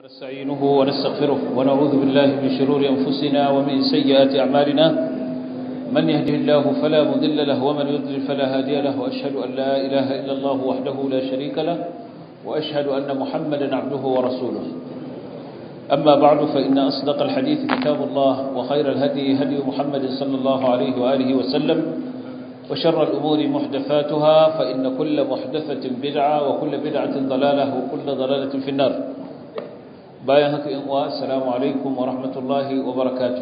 نستعينه ونستغفره ونعوذ بالله من شرور أنفسنا ومن سيئات أعمالنا من يهده الله فلا مضل له ومن يضلل فلا هادي له وأشهد أن لا إله إلا الله وحده لا شريك له وأشهد أن محمدا عبده ورسوله أما بعد فإن أصدق الحديث كتاب الله وخير الهدي هدي محمد صلى الله عليه وآله وسلم وشر الأمور محدثاتها فإن كل محدثة بدعة وكل بدعة ضلالة وكل ضلالة في النار bayan haka in uwa assalamu alaikum wa rahmatullahi wa barakatuh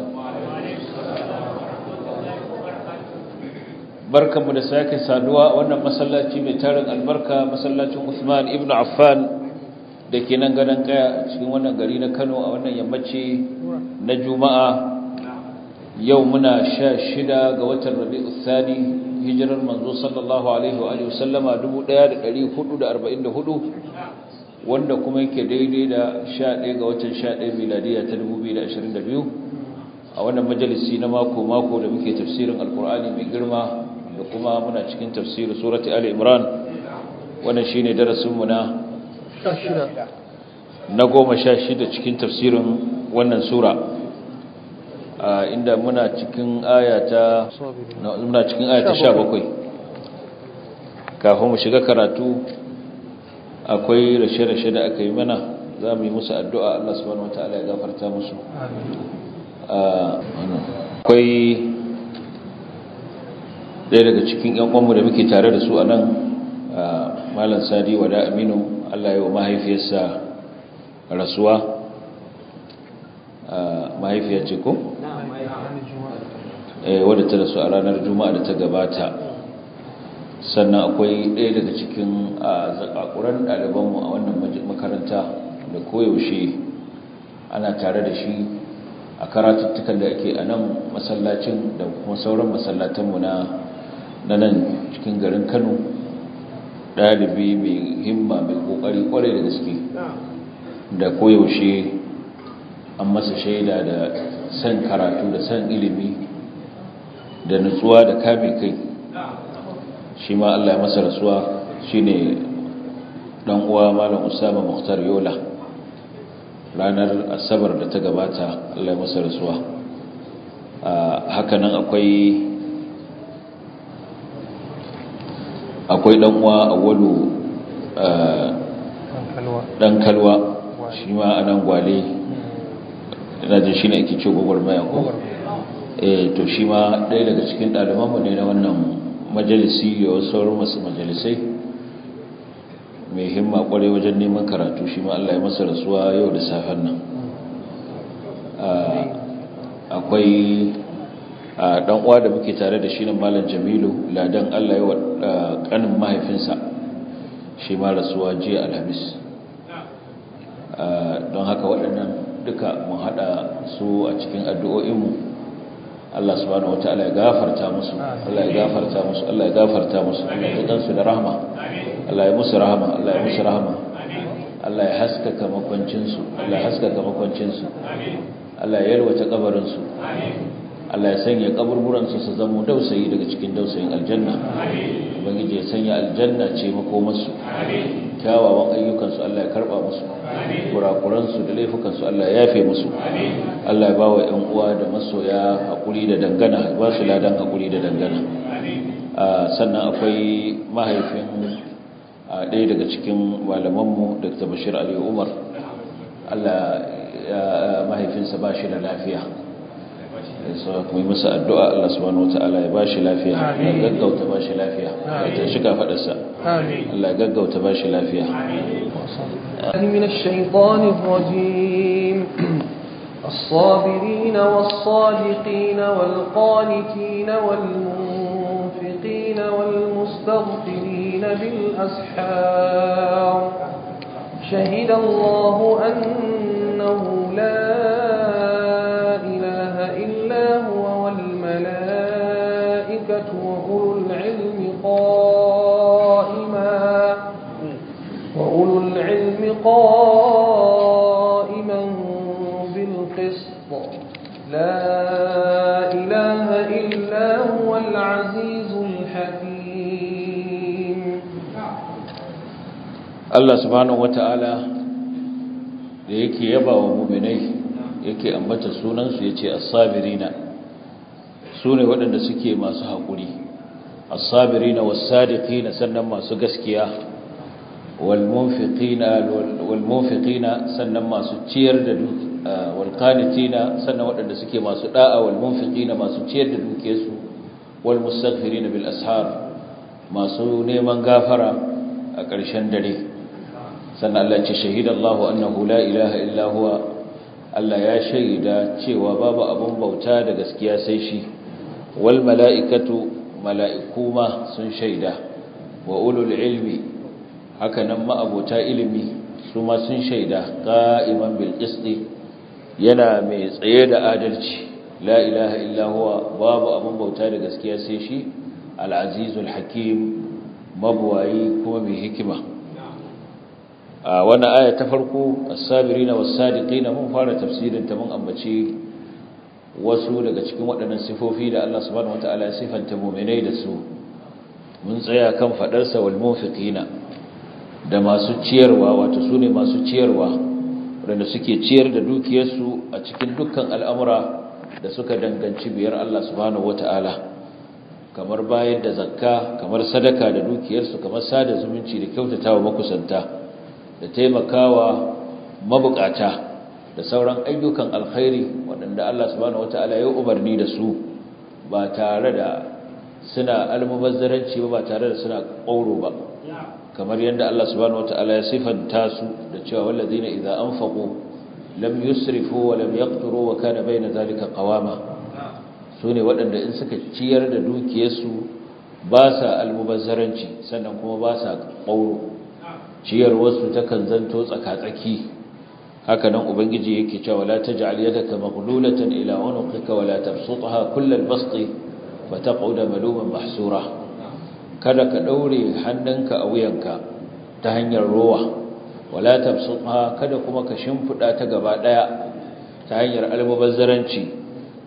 da sake saduwa wannan masallaci mai tarin albarka masallacin Usman ibn Affan da ke nan gadan kaya cikin wannan gari na Kano a wannan yammaci na Juma'a yau muna 16 ga watan Rabiul Thani hijirar manzo sallallahu alaihi wa alihi wasallama 1444 wanda kuma yake daidai da 11 ga watan 11 miladiya ta 2022 a wannan majalisi na mako mako da muke tafsirin alkur'ani mai girma da kuma muna cikin tafsirin surati ali imran wannan shi ne darasinmu na na goma sha shida cikin tafsirin wannan sura inda muna cikin ayata ta muna cikin aya ta 17 kafin mu shiga karatu akwai rashe-rashe da aka yi mana za mu yi musu addu'a Allah subhanahu wa ta'ala ya gafarta musu ah, akwai ɗaya daga cikin ‘yan'uwanmu da muke tare da su a nan malam sadi wada aminu Allah yi wa mahaifiyarsa rasuwa ah, mahaifiyar ce ko? Eh, wadda ta rasu a ranar juma'a da ta gabata sannan akwai ɗaya daga cikin zaƙaƙuran ɗalibanmu a wannan makaranta da koyaushe ana tare da shi a karatuttukan da ake a nan masallacin da kuma sauran masallatanmu na nan cikin garin kano ɗalibi mai himma mai ƙoƙari ƙwarai da gaske da koyaushe an masa shaida da san karatu da san ilimi da nutsuwa da kame kai shi ma Allah ya masa rasuwa shine dan uwa malam Usama muhtar Yola ranar asabar da ta gabata Allah ya masa rasuwa haka nan akwai akwai dan uwa wadu dan kalwa shi ma nan gwale ina jin shi ne ake ce gwagwar mayan ko E, to shi ma ɗaya daga cikin ɗalibanmu ne na wannan majalisi ya wasu sauran masu majalisai mai himma kwarai wajen neman karatu shi ma Allah ya masa rasuwa yau da safen nan akwai ɗan'uwa uwa da muke tare da shi na malam Jamilu ladan Allah ya wa ƙanin mahaifinsa shi ma rasuwa jiya Alhamis don haka waɗannan duka mun haɗa su a cikin addu'o'inmu Allah subhanahu wataala ya gafarta musu Allah ya gafarta musu Allah ya gafarta musu Allah ya gansu da rahama Allah ya musu rahama Allah ya musu rahama Allah ya haskaka makwancin su Allah ya haskaka makwancin su Allah ya yalwata kabarin su amin Allah ya sanya kaburburan su su zama dausayi daga cikin dausayin aljanna amin ubangiji ya sanya aljanna ce makomarsu amin kyawawan ayyukan Allah ya karba musu amin kurakuran da laifukansu su Allah ya yafe musu amin Allah ya bawa ƴan uwa da masoya hakuri da dangana ba su ladan hakuri da dangana amin sannan akwai mahaifin ɗaya daga cikin malamanmu Dr. Bashir Ali Umar Allah ya mahaifinsa ba shi da lafiya kuma masa addu'a Allah subhanahu wata'ala ya bashi lafiya ya gaggauta bashi lafiya ya shiga fadarsa Allah ya gaggauta bashi lafiya من الشيطان الرجيم الصابرين والصادقين والقانتين والمنفقين والمستغفرين بالأسحار شهد الله أنه لا وأولو العلم قائما وأولو العلم قائما بالقسط لا إله إلا هو العزيز الحكيم الله سبحانه وتعالى da yake yaba wa muminai yake ambata sunan su yace as-sabirina sune wadanda suke masu hakuri as-sabirina was-sadiqina sannan masu gaskiya wal-munfiqina wal sannan masu ciyar da wal-qanitina sannan waɗanda suke masu da'a wal-munfiqina masu ciyar da dukiyarsu wal-mustaghfirina bil-ashar masu neman gafara a ƙarshen dare sannan Allah ce shahidallahu annahu la ilaha illa huwa Allah ya shaida cewa babu abun bauta da gaskiya sai shi wal mala'ikatu mala'iku ma sun shaida wa ulul ilmi haka nan ma'abota ilimi su ma sun shaida qa'iman bil yana mai tsaye da adalci la ilaha babu abun bauta da gaskiya sai shi al-azizul hakim mabuwayi, kuma mai hikima a wani aya ta farko as-sabirina was-sadiqina mun fara tafsirin ta mun ambaci wasu daga cikin waɗannan sifofi da Allah subhanahu wataala ya sifanta mu'minai da su mun tsaya kan sa wal munfiqina da masu ciyarwa wato su ne masu ciyarwa wanda suke ciyar da dukiyarsu a cikin dukkan al'amura da suka danganci biyar Allah subhanahu wataala kamar bayar da zakka kamar sadaka da dukiyarsu kamar sada zumunci da kyautatawa makusanta da taimakawa mabukata da sauran ayyukan alkhairi waɗanda Allah subhanahu wataala ya umarni da su ba tare da suna almubazzaranci ba ba tare da suna ƙauro ba kamar yadda Allah subhanahu wataala ya sifanta su da cewa wallazina idza anfaqu lam yusrifu wa lam yaqturu wa kana bayna zalika qawama sune waɗanda in suka ciyar da dukiyarsu ba sa almubazzaranci sannan kuma ba sa ƙauro ciyar wasu kan zanto tsakatsaki haka nan ubangiji yake cewa la taj'al yadaka maghlulatan ila unuqika wa tabsutha kullal basti wa taq'uda maluman mahsura kada ka daure hannunka a wuyanka ta hanyar rowa wala tabsutha kada kuma ka shimfiɗa ta gaba daya ta hanyar almubazzaranci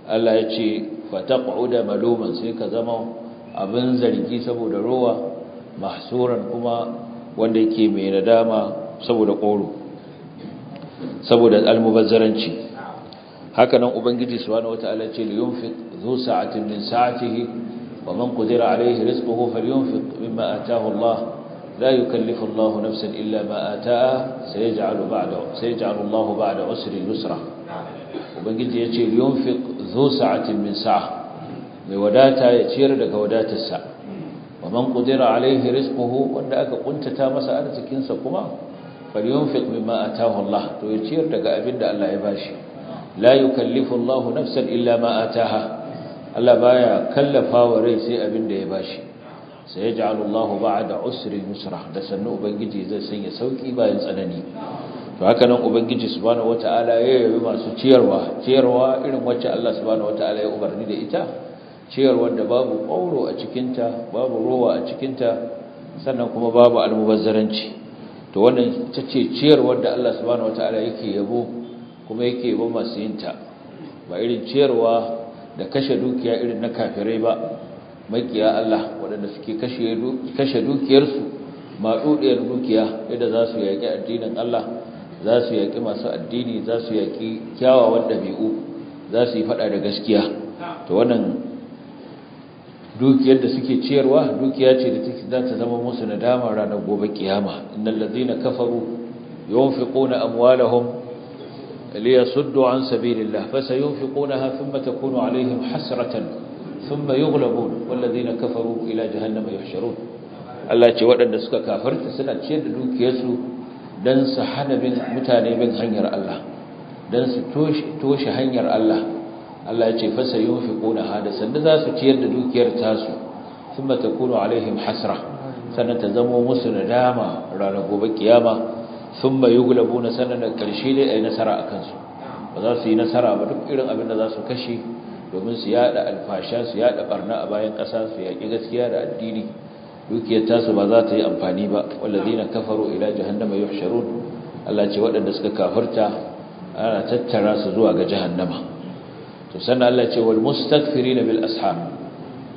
Allah ya ce fa taq'uda maluman sai ka zama abin zargi saboda rowa mahsuran kuma wanda yake mai nadama saboda koro saboda almubazzaranci haka nan ubangiji subhanahu wataala ce li yunfiq zu sa'atin min sa'atihi wa man qadira alayhi rizquhu falyunfiq mimma ataahu Allah la yukallifu Allah nafsan illa ma ataaha sayaj'alu ba'da sayaj'alu Allah ba'da usri yusra ubangiji yace li yunfiq zu sa'atin min sa'a mai wadata ya ciyar daga wadatarsa wa man qadira alayhi rizquhu wanda aka kuntata masa arzikinsa kuma falyunfiq mimma ataahu Allah to ya ciyar daga abin da Allah ya bashi la yukallifu Allah nafsan illa ma ataaha Allah baya kallafawa rai sai abin da ya bashi sai yaj'alu Allah ba'da usri yusra da sannu ubangiji zai sanya sauki bayan tsanani to haka nan ubangiji subhanahu wataala ya yabi masu ciyarwa ciyarwa irin wacce Allah subhanahu wataala ya umarni da ita ciyarwar da babu ƙauro a cikinta babu rowa a cikinta sannan kuma babu almubazzaranci to wannan ita ce ciyarwar da Allah subhanahu wataala yake yabo kuma yake yabo masu yinta ba irin ciyarwa da kashe dukiya irin na kafirai ba makiya Allah waɗanda suke kashe dukiyarsu matsuɗiyar dukiya yadda za su yaƙi addinin Allah za su yaƙi masu addini za su yaƙi kyawawan ɗabi'u za su yi faɗa da gaskiya to wannan dukiyar da suke ciyarwa dukiya ce da take za ta zama musu nadama ranar gobe kiyama innal ladina kafaru yunfiquna amwalahum liyasuddu an sabilillah fasayunfiqunaha thumma takunu alaihim hasratan thumma yughlabun wal ladina kafaru ila jahannama yuhsharun Allah ce waɗanda suka kafarta suna ciyar da dukiyarsu dan su hana bin mutane bin hanyar Allah dan su toshe hanyar Allah Allah ya ce fasa yunfiquna hada sanda za su ciyar da dukiyar tasu thumma takunu alaihim hasra sannan ta zamo musu nadama ranar gobe kiyama thumma yughlabuna sannan da karshe dai ai nasara a kansu. ba za su yi nasara ba duk irin abin da za su kashe domin su yada alfasha su yada barna a bayan ƙasa su yaki gaskiya da addini dukiyar tasu ba za ta yi amfani ba zina kafaru ila jahannama yuhsharun Allah ce waɗanda suka kafarta ana tattara su zuwa ga jahannama to sannan Allah ce wal mustaghfirin bil ashab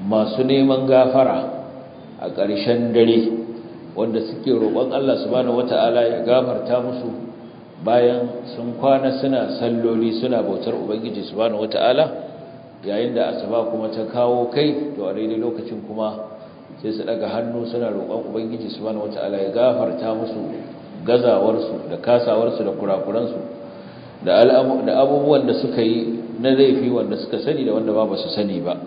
masu neman gafara a ƙarshen dare wanda suke roƙon Allah subhanahu wataala ya gafarta musu bayan sun kwana suna salloli suna bautar ubangiji subhanahu wataala yayin da asaba kuma ta kawo kai to a daidai lokacin kuma sai su daga hannu suna roƙon ubangiji subhanahu wataala ya gafarta musu gazawarsu da kasawarsu da kurakuransu da abubuwan da suka yi na laifi wanda suka sani da wanda ba ba su sani ba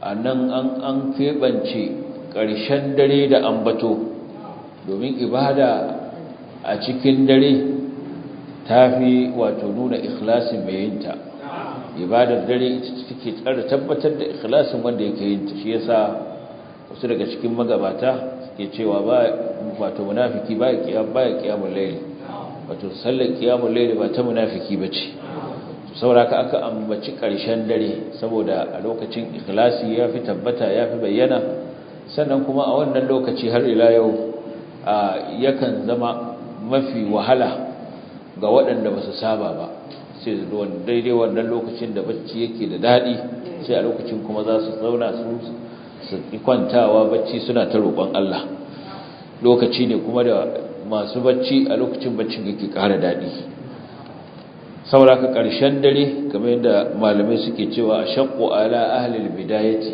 a nan an febance ƙarshen dare da ambato domin ibada a cikin dare ta fi wato nuna ikhlasin mai yinta ibadar dare ita ke tsara tabbatar da ikhlasin wanda yake yinta shi yasa wasu daga cikin magabata suke cewa ba wato munafiki ba ya kiyamul layl wato sallar kiyamul layl ba ta munafiki ce. ka aka ambaci ƙarshen dare saboda a lokacin ikhlasi ya fi tabbata ya fi bayyana sannan kuma a wannan lokaci har ila yau yakan zama mafi wahala ga waɗanda ba su saba ba sai daidai wannan lokacin da bacci yake da daɗi sai a lokacin kuma za su zauna su kwantawa bacci suna ta roƙon Allah lokaci ne kuma da masu bacci a lokacin baccin yake ƙara daɗi saboda ka ƙarshen dare game da malamai suke cewa shakku ala ahli albidayati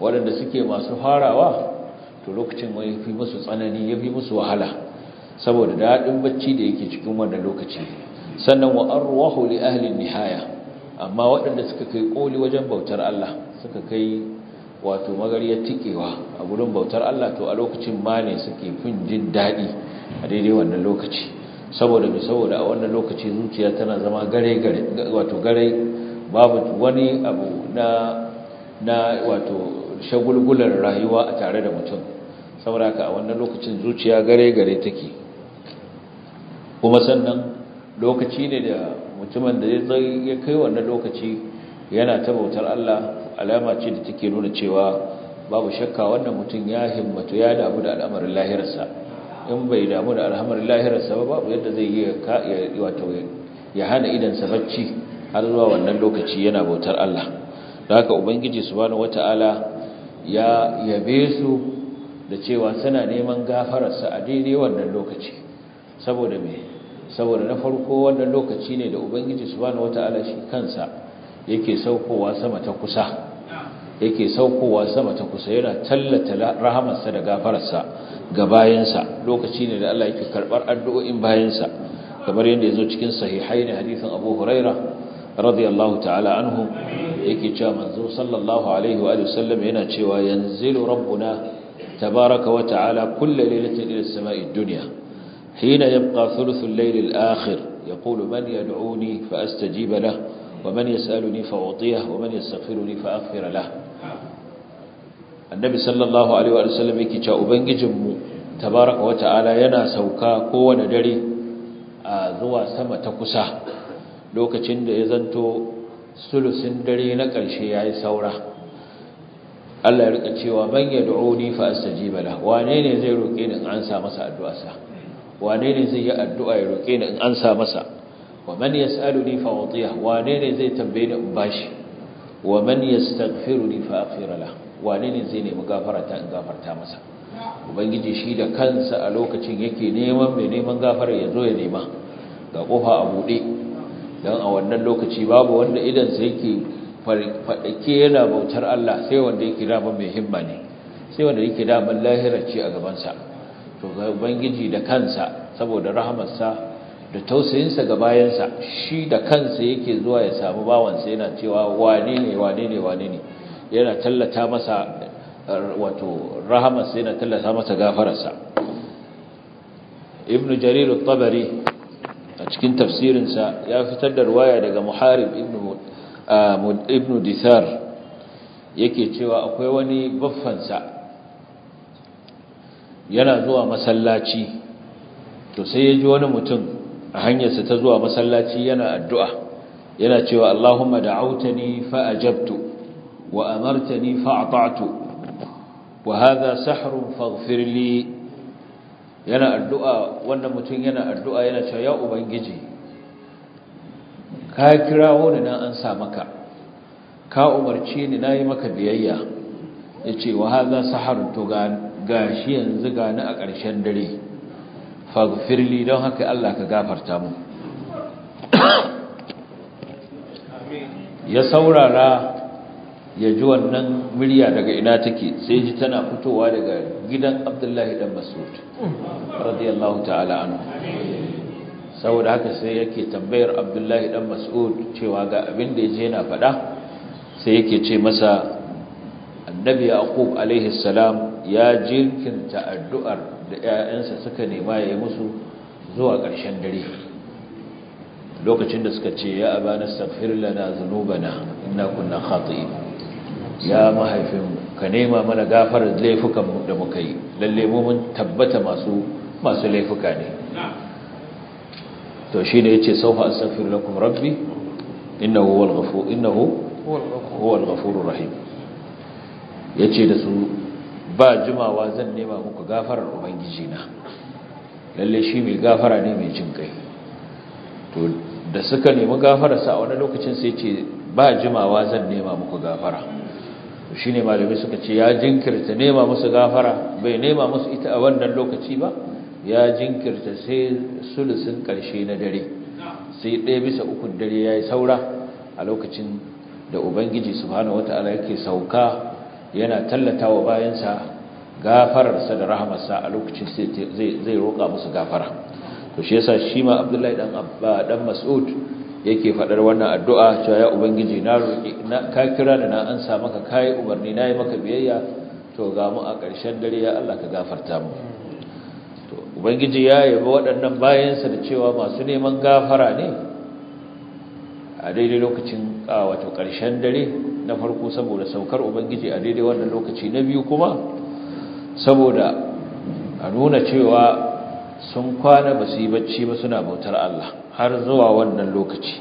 waɗanda suke masu farawa to lokacin mai fi musu tsanani ya fi musu wahala saboda daɗin bacci da yake cikin wannan lokaci sannan wa arwahu li ahli nihaya amma waɗanda suka kai koli wajen bautar Allah suka kai wato magariyar tikewa a gurin bautar Allah to a lokacin ma ne suke fin jin daɗi a daidai wannan lokaci saboda mai saboda a wannan lokaci zuciya tana zama gare gare wato gare babu wani abu na na wato shagulgular rayuwa a tare da mutum saboda ka a wannan lokacin zuciya gare gare take kuma sannan lokaci ne da mutumin da ya kai wannan lokaci yana ta bautar Allah alama ce da take nuna cewa babu shakka wannan mutum ya himmatu ya damu da al'amarin lahirarsa in bai damu da alhamar lahirarsa ba babu yadda zai yi wato ya hana idansa bacci har zuwa wannan lokaci yana bautar Allah da haka ubangiji su bani wataala ya yabe su da cewa suna neman gafararsa a daidai wannan lokaci saboda mai saboda na farko wannan lokaci ne da ubangiji su bani wataala shi kansa yake saukowa sama ta kusa yake saukowa sama ta kusa yana tallata rahamarsa da gafararsa ga bayansa lokaci ne da Allah yake karbar addu'o'in bayansa kamar yadda yazo cikin sahihaini hadisin Abu Huraira radiyallahu ta'ala anhu yake cewa manzo sallallahu alaihi wa sallam yana cewa yanzilu rabbuna tabaraka wa ta'ala kulla lailatin ila samai dunya hina yabqa thuluth al-layl al-akhir yaqulu man yad'uni fa astajib lahu ومن يسألني فأعطيه ومن يستغفرني فأغفر له annabi sallallahu alaihi wa sallam yake cewa ubangijinmu tabaraka wata'ala yana sauka kowane dare a zuwa sama ta kusa lokacin da ya zanto sulusin dare na ƙarshe yayi saura Allah ya rika cewa man yad'uni fa astajiba lahu wane ne zai roke ni in an sa masa addu'arsa wane ne zai yi addu'a ya roke ni in an sa masa wa man yas'aluni fa utiya wane ne zai tambaye ni in bashi wa man yastaghfiruni fa aghfir lahu wane ne zai nemi gafara ta in gafarta masa ubangiji shi da kansa a lokacin yake neman mai neman gafara ya zo ya nema ga kofa a buɗe don a wannan lokaci babu wanda idansa yake faɗake yana bautar Allah sai wanda yake dama mai himma ne sai wanda yake dama lahira ce a gabansa to ga ubangiji da kansa saboda rahamarsa da tausayinsa ga bayansa shi da kansa yake zuwa ya samu bawansa yana cewa wane ne wane ne wane ne yana tallata masa wato sai yana tallata masa gafararsa ibn jarir al-tabari a cikin tafsirinsa ya fitar da ruwaya daga muharib ibn ibn dithar yake cewa akwai wani baffansa yana zuwa masallaci to sai ya ji wani mutum a hanyarsa ta zuwa masallaci yana addu'a yana cewa Allahumma da'autani fa ajabtu وأمرتني فأعطعت وهذا سحر فاغفر لي yana addu'a wannan mutum yana addu'a yana cewa ya ubangiji ka kira wani nan an sa maka ka umarci ni nayi maka biyayya yace wa hadha saharun to ga yanzu gani a ƙarshen dare faghfirli don haka Allah ka gafarta mu ya saurara ya ji wannan murya daga ina take sai ji tana fitowa daga gidan abdullahi dan masud radiyallahu ta'ala anhu saboda haka sai yake tambayar abdullahi dan masud cewa ga abin da yaje yana faɗa sai yake ce masa annabi yaqub alaihi salam ya jirkinta addu'ar da 'ya'yansa suka nema ya yi musu zuwa ƙarshen dare lokacin da suka ce ya abana astaghfir lana dhunubana inna kunna khati'in ya mahaifinmu ka nema mana gafarar laifukan da muka yi lalle mu mun tabbata masu masu laifuka ne to shine yace saufa astaghfiru lakum rabbi innahu huwal ghafur innahu huwal ghafur rahim yace da su ba jimawa zan nema muku gafarar ubangiji na lalle shi mai gafara ne mai jin kai to da suka nemi sa a wani lokacin sai ce ba jimawa zan nema muku gafara shi shine malamai suka ce ya jinkirta nema musu gafara bai nema musu ita a wannan lokaci ba ya jinkirta sai sulusin karshe na dare sai ɗaya bisa ukun dare yayi saura a lokacin da ubangiji wata wataala yake sauka yana tallata wa bayansa gafararsa da rahamarsa a lokacin sai zai roƙa musu gafara to shi yasa shi ma Abdullahi dan Abba dan Mas'ud yake faɗar wannan addu'a cewa ya ubangiji na roƙi ka kira da na an sa maka kayi umarni na yi maka biyayya to ga mu a ƙarshen dare ya Allah ka gafarta mu to ubangiji ya yaba waɗannan bayansa da cewa masu neman gafara ne a daidai lokacin wato ƙarshen dare na farko saboda saukar ubangiji a daidai wannan lokaci na biyu kuma saboda a nuna cewa sun kwana ba su yi bacci ba suna bautar Allah har zuwa wannan lokaci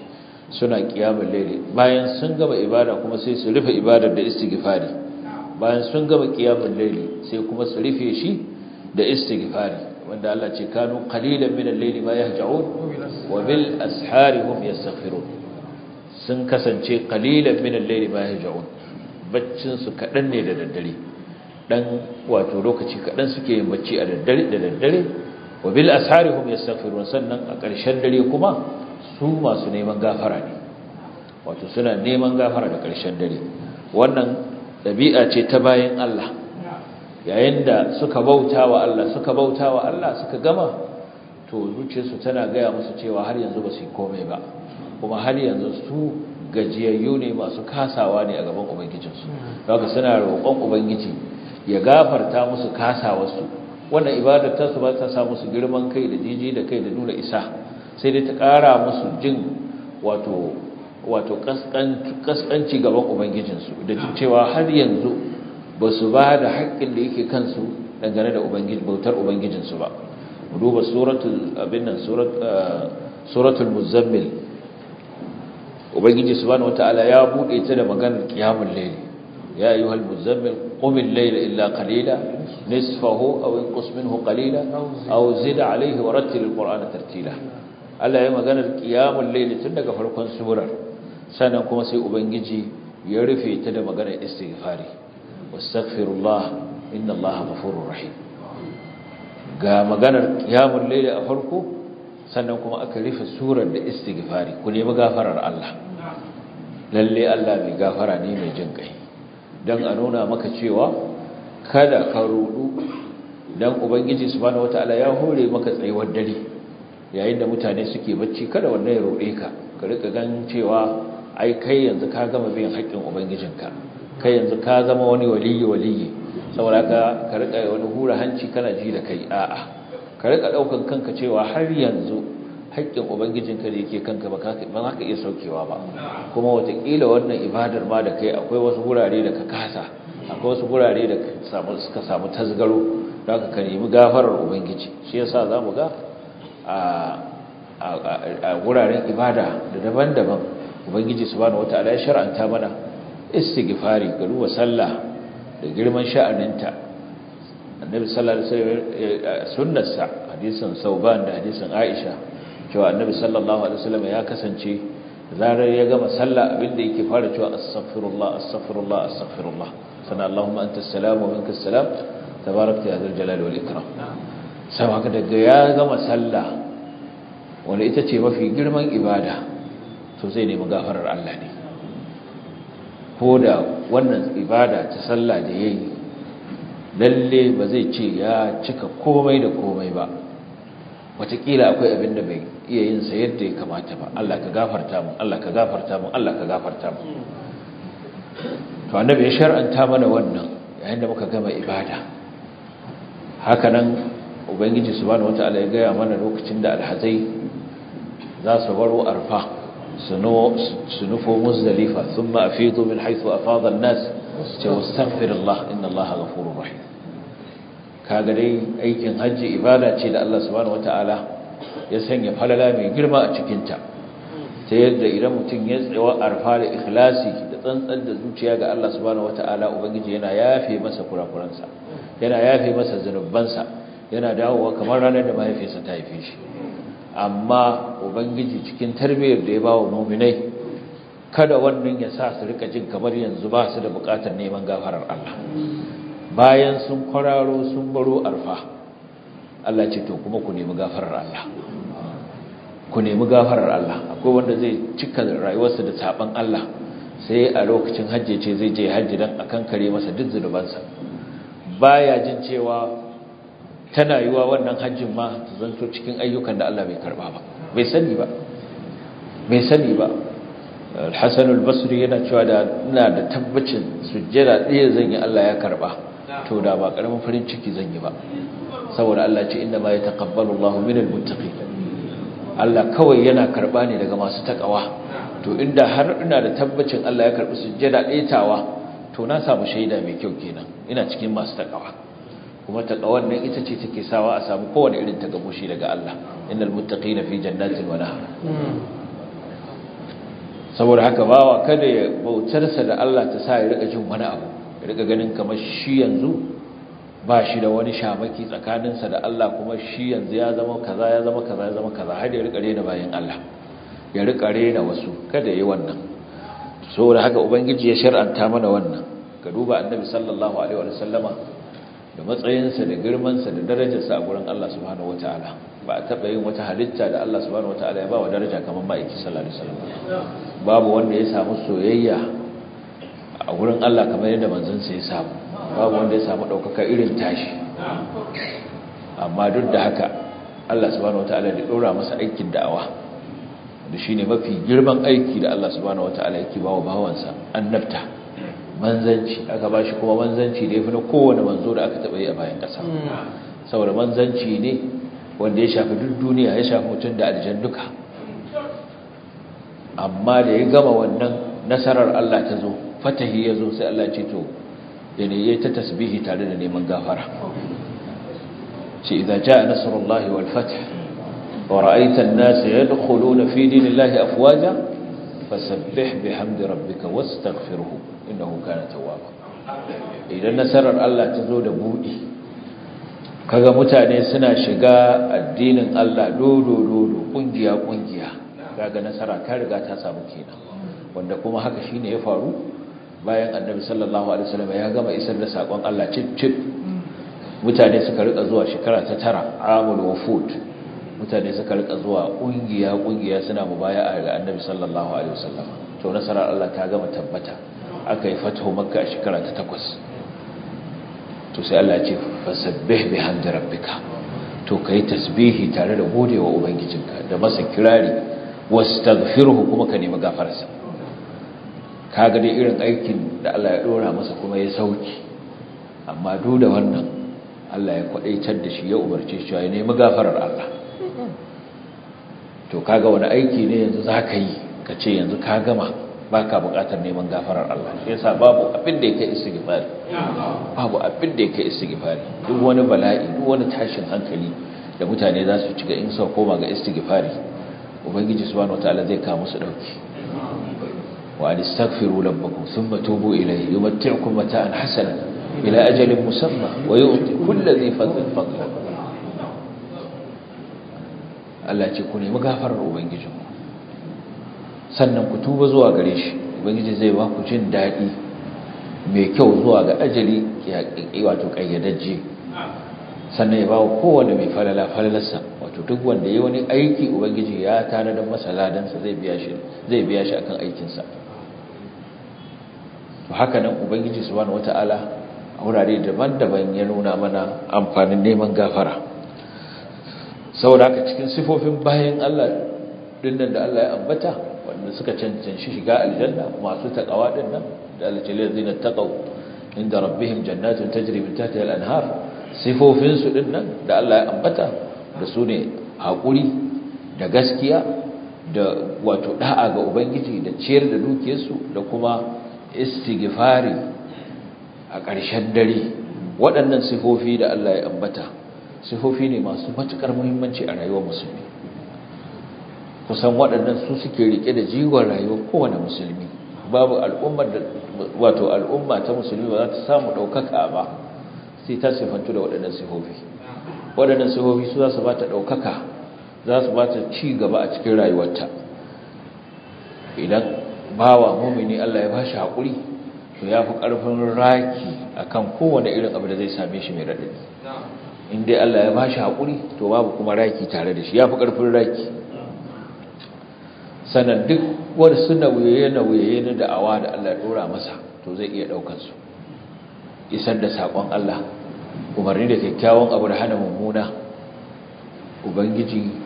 suna kiyamun laili bayan sun gaba ibada kuma sai su rufe ibadar da istighfari bayan sun gaba kiyamun laili sai kuma su rufe shi da istighfari wanda Allah ce kanu qalilan min al-layli ma yahja'un wa bil ashari hum yastaghfirun sun kasance qalilan min al-layli ma yahja'un baccin su kadan ne da daddare dan wato lokaci kadan suke yin bacci a daddare da daddare wa bil hum yastaghfirun sannan a ƙarshen dare kuma su masu neman gafara ne wato suna neman gafara da ƙarshen dare wannan dabi'a ce ta bayan Allah yayin da suka bautawa Allah suka bautawa Allah suka gama to zuciyarsu tana gaya musu cewa har yanzu ba su komai ba kuma har yanzu su gajiyayyu ne masu kasawa ne a gaban ubangijinsu haka suna roƙon ubangiji ya gafarta musu kasawarsu wannan ibadar ta su ba ta sa musu girman kai da jiji da kai da nuna isa sai dai ta ƙara musu jin wato wato kaskanci gaban ubangijinsu da cewa har yanzu ba su ba da haƙƙin da yake kansu dangane da bautar ubangijinsu ba duba suratul muzammil nan eh, suratul muzammil wata ala ya buɗe ta da maganar ƙiyamun layl ya ayyuhal muzammil قم الليل إلا قليلا نصفه أو انقص منه قليلا أو زد عليه ورتل القرآن ترتيلا Allah ya maganar ƙiyamun layli tun daga farkon surar sannan kuma sai ubangiji ya rufe ta da maganar istighfari wastaghfirullah innallaha ghafurur rahim ga maganar ƙiyamun layli a farko sannan kuma aka rufe surar da istighfari ku nemi gafarar Allah lalle Allah mai gafara ne mai jin kai don a nuna maka cewa kada ka rudu don ubangiji su bane wata'ala ya hore maka tsayuwar dare yayin da mutane suke bacci kada wannan ya rude ka ka rika gan cewa ai kai yanzu ka gama biyan haƙƙin ubangijinka kai yanzu ka zama wani waliyi waliyi saboda ka ka rika wani hura hanci kana ji da kai a'a ka rika daukan kanka cewa har yanzu haƙƙin ubangijinka da yake kanka ba za ka iya saukewa ba kuma watakila wannan ibadar ma da kai akwai wasu wurare da ka kasa akwai wasu wurare da ka samu tasgaro da ka nemi gafarar ubangiji shi yasa za mu ga a wuraren ibada da daban-daban ubangiji subhanahu wataala ya shar'anta mana istighfari ga ruwa sallah da girman sha'aninta annabi sallallahu alaihi wasallam sunnarsa hadisin sauban da hadisin aisha cewa annabi sallallahu alaihi wasallam ya kasance zarar ya gama sallah abinda yake fara cewa astaghfirullah astaghfirullah astaghfirullah sana allahumma anta salam wa minka salam tabarakta ya dhul jalali wal ikram sai haka daga ya gama sallah wanda ita ce mafi girman ibada to zai nemi gafarar Allah ne ko da wannan ibada ta sallah da yayi lalle ba zai ce ya cika komai da komai ba Wataƙila akwai abin da bai iya yin sa yadda ya kamata ba Allah ka gafarta mu Allah ka gafarta mu Allah ka gafarta mu to annabi ya shar'anta mana wannan yayin da muka gama ibada haka nan ubangiji subhanahu wataala ya gaya mana lokacin da alhazai za su baro arfa su nufo muzdalifa thumma afidu min haythu afada an-nas wastaghfirullah inna allaha ghafurur rahim kaga dai aikin hajji ibada ce da Allah subhanahu wataala ya sanya falala mai girma a cikinta ta yadda idan mutum ya tsawa arfa da ikhlasi da tsantsar da zuciya ga Allah subhanahu wataala ubangiji yana yafe masa kurakuransa yana yafe masa zunubansa yana dawowa kamar ranar da mahaifiyarsa ta haife shi amma ubangiji cikin tarbiyyar da ya ba wa muminai kada wannan ya sa su rika jin kamar yanzu ba su da bukatar neman gafarar Allah bayan sun kwararo sun baro arfa Allah ce to kuma ku nemi gafarar Allah ku nemi gafarar Allah akwai wanda zai cika rayuwarsa da saban Allah sai a lokacin hajji ce zai je hajji dan akan kare masa duk zunubansa baya jin cewa tana yiwa wannan hajjin ma ta zanto cikin ayyukan da Allah bai karba ba bai sani ba bai sani ba Al-Hasan al-Basri yana cewa da ina da tabbacin sujjada ɗaya zan yi Allah ya karba to da ba karamin farin ciki zan yi ba saboda Allah ce inna ma yataqabbalu Allahu minal muttaqin Allah kawai yana karba ne daga masu takawa to inda har ina da tabbacin Allah ya karbi sujjada daitawa to na samu shaida mai kyau kenan ina cikin masu takawa kuma takawan nan ita ce take sawa a samu kowane irin tagamushi daga Allah innal muttaqina fi jannatin wa nahar saboda haka bawa kada ya bautarsa da Allah ta sa ya rika jin wani abu ya rika ganin kamar shi yanzu ba shi da wani shamaki tsakaninsa da Allah kuma shi yanzu ya zama kaza ya zama kaza ya zama kaza har ya rikare da bayan Allah ya rikare da wasu kada yi wannan So da haka ubangiji ya shar'anta mana wannan ka duba annabi sallallahu alaihi wa sallama da matsayinsa da girmansa da darajarsa a gurin Allah subhanahu ta'ala. ba a taɓa yin wata halitta da Allah subhanahu ta'ala ya ba wa daraja kamar ma'aiki sallallahu alaihi wasallam babu wanda ya samu soyayya a gurin Allah kamar yadda manzon sa ya samu babu wanda ya samu ɗaukaka irin tashi amma duk da haka Allah subhanahu wata'ala da ɗora masa aikin da'awa da shi ne mafi girman aiki da Allah subhanahu wata'ala yake ba wa bawansa annabta manzanci aka ba shi kuma manzanci da ya fi na kowane manzo da aka taɓa yi a bayan ƙasa saboda manzanci ne wanda ya shafi duk duniya ya shafi mutum da aljan duka amma da ya gama wannan nasarar Allah ta zo fatahi ya zo sai Allah ce to da ne yayi ta tasbihi tare da neman gafara ce idza jaa nasrullahi wal fath wa ra'aita an-nasa yadkhuluna fi dinillahi afwaja fasabbih bihamdi rabbika wastaghfirhu innahu kana tawwaba idan nasarar Allah ta zo da buɗi kaga mutane suna shiga addinin Allah dodo dodo ƙungiya-ƙungiya, kungiya kaga nasara ta riga ta samu kenan wanda kuma haka shi ne ya faru bayan annabi sallallahu alaihi wasallam ya gama isar da sakon Allah cip cip mutane suka rika zuwa shekara ta tara amul wufud mutane suka rika zuwa kungiya kungiya suna mubaya'a ga annabi sallallahu alaihi wasallam to nasarar Allah ta gama tabbata aka yi fatahu makka a shekara ta takwas to sai Allah ya ce fasabbih bihamdi rabbika to kai tasbihi tare da godewa ubangijinka da masa kirari wastaghfiruhu kuma ka nemi gafararsa ka ga dai irin aikin da Allah ya dora masa kuma ya sauki amma duk da wannan Allah ya kwadaitar da shi ya umarce shi ya nemi gafarar Allah to kaga wani aiki ne yanzu zaka yi ka ce yanzu ka gama baka bukatar neman gafarar Allah shi yasa babu abin da yake istighfari babu abin da yake istighfari duk wani bala'i duk wani tashin hankali da mutane za su ci ga in sau koma ga istighfari ubangiji subhanahu wataala zai kawo musu dauki وأن استغفروا لبكم ثم توبوا إليه يمتعكم متاء حسنا إلى أجل مسمى ويؤتي كل ذي فضل فضل ألا تكوني مغافر nemi gafarar Ubangijinku sannan ku tuba zuwa gare shi Ubangiji zai ba ku jin daɗi mai kyau zuwa sannan ya ba wa kowane mai falala falalarsa wato duk wanda ya wani aiki Ubangiji ya tare da masa ladansa zai biya shi akan aikinsa to haka nan ubangiji subhanahu wataala a wurare daban-daban ya nuna mana amfanin neman gafara saboda haka cikin sifofin bayan Allah dinnan da Allah ya ambata wanda suka cancanci shiga aljanna masu takawa dinnan da aljalil na taqaw inda rabbihim jannatin tajri min tahtiha al-anhar sifofin su dinnan da Allah ya ambata da su ne hakuri da gaskiya da wato da'a ga ubangiji da ciyar da dukiyarsu da kuma istighfari a ƙarshen dare waɗannan sifofi da Allah ya ambata sifofi ne masu matuƙar muhimmanci a rayuwar musulmi kusan waɗannan su suke rike da jiwon rayuwar kowane musulmi babu al'ummar da wato al'umma ta musulmi ba za ta samu ɗaukaka ba sai ta sifantu da waɗannan sifofi waɗannan sifofi su za su ba ta ɗaukaka za su ba ta ci gaba a cikin rayuwarta idan bawa mumini Allah ya bashi hakuri to ya fi karfin raki akan kowane irin abu da zai same shi mai radadi in dai Allah ya bashi hakuri to babu kuma raki tare da shi ya fi karfin raki sanan duk wasu nauye wuyoyi na da'awa da Allah ya dora masa to zai iya daukar su isar da sakon Allah umarni da kyakkyawan abu da hana mummuna ubangiji